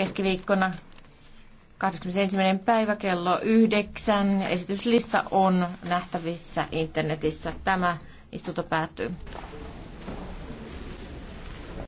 keskiviikkona 21. päivä kello 9. Esityslista on nähtävissä internetissä. Tämä istunto päättyy.